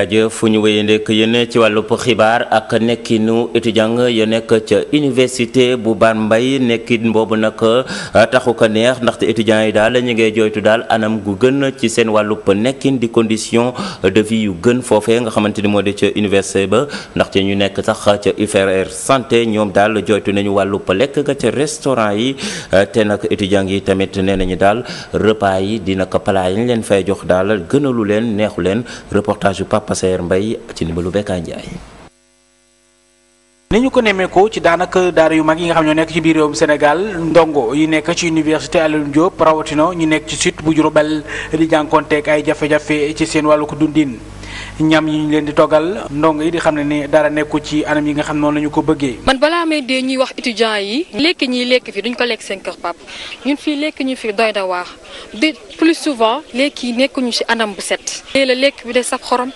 rajo fu ñu wéyee ndekk yéen ci wàllub xibaar ak nekkinu étudiant ya nekk ca université bu mbay nekkin boobu nag ah, taxu ko neex ndaxte étudiants yi daal ñu ngay jooytu daal anam gu gën ci seen wàllub nekkin di condition de vie yu gën foofe nga xamante ni moo di ca université ba ndaxte ñu nekk sax ca UFR santé ñoom daal jooytu nañu wàllub lekk ga ca restaurant yi ah, te nag étudiant yi tamit nee nañu daal repas yi dina ko palaa yi ñu leen fa jox daal gënalu leen neexu leen Papa Saer Mbaye ci ndimbalu Bekka Ndiaye. ñu ko nemmeekoo ci daanaka daara yu mag yi nga xam ñoo nekk ci biir réewum senegal ndongo yi nekk ci université Alioune Diop rawatina ñu nekk ci site bu Diourbel di jànkonteeg ay jafe-jafe ci seen wàllu ko dundin. ñam yi ñu leen di toggal ndongo yi di xam ne ni dara nekku ci anam yi nga xam noonu la ñu ko bëggee. man balaa may dee ñuy wax étudiants yi. lekk ñiy lekk fii duñ ko lekk seen kër pap ñun fii lekk ñu fi doy na waax de plus souvent lekk yi nekkuñu ci anam bu set. léegi la lekk bi de saf xorom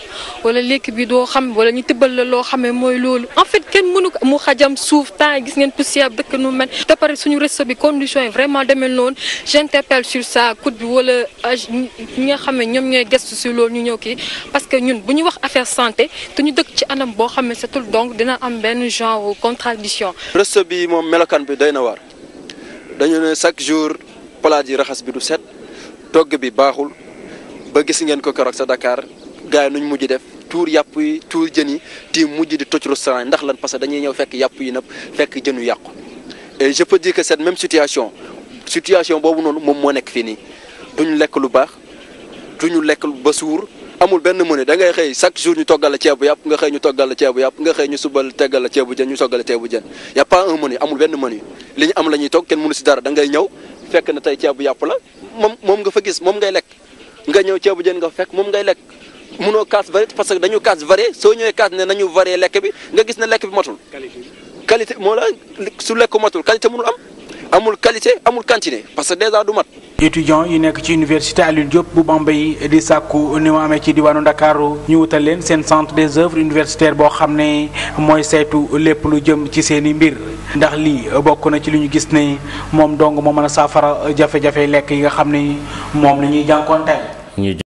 wala lekk bi doo xam wala ñu tëbbal la loo xamee mooy loolu en fait kenn mënu ko mu xajam suuf temps gis ngeen poussière dëkk nu mel te pare suñu resto bi condition yi vraiment demee noonu j'interpelle sur ça coût bi wala ah, ñi nga xam ne ñoom ñooy gestu ci loolu ñu ñëw bu ñu wax affaire santé te ñu dëkk ci anam boo xam ne setul donc dina am benn genre contradiction reste bi moom melokaan bi day na waar dañu ne chaque jour palaat yi raxas bi du set togg bi baaxul ba gis ngeen ko keroog sa Dakar gars yi nuñ mujj def tuur yàpp yi tuur jën yi ti mujj di toj restaurant yi ndax lan parce que dañuy ñëw fekk yàpp yi nëpp fekk jën yu yàqu et je peux dire que même situation situation boobu noonu moom moo nekk fii nii duñu lekk lu baax lekk ba suur amul benn mu ne da ngay xëy chaque jour ñu toggal la ceebu yàpp nga xëy ñu toggal la ceebu yàpp nga xëy ñu subal teggal la ceebu jën ñu toggal la ceebu jën y a pas un na moom nga fa gis moom ngay lekk nga ñëw ceebu jën nga fa fekk moom ngay lekk mënoo kaas varié parce que dañu kaas varié soo ñëwee kaas ne nañu varié lekk bi nga gis ne lekk bi matul qualité moo la su lekk matul qualité mënul am amul qualité amul quantité parce que déjà du mat. étudiants yi nekk ci université Alioune Diop bu Bambey di sàkku ni mu amee ci diwaanu Ndakaaru ñu wutal leen seen centre des œuvres universitaires boo xam ne mooy saytu lépp lu jëm ci seen i mbir ndax lii bokk na ci li ñu gis ne moom dong moo mën a saafara jafe-jafe lekk yi nga xam ne moom la ñuy jànkonteel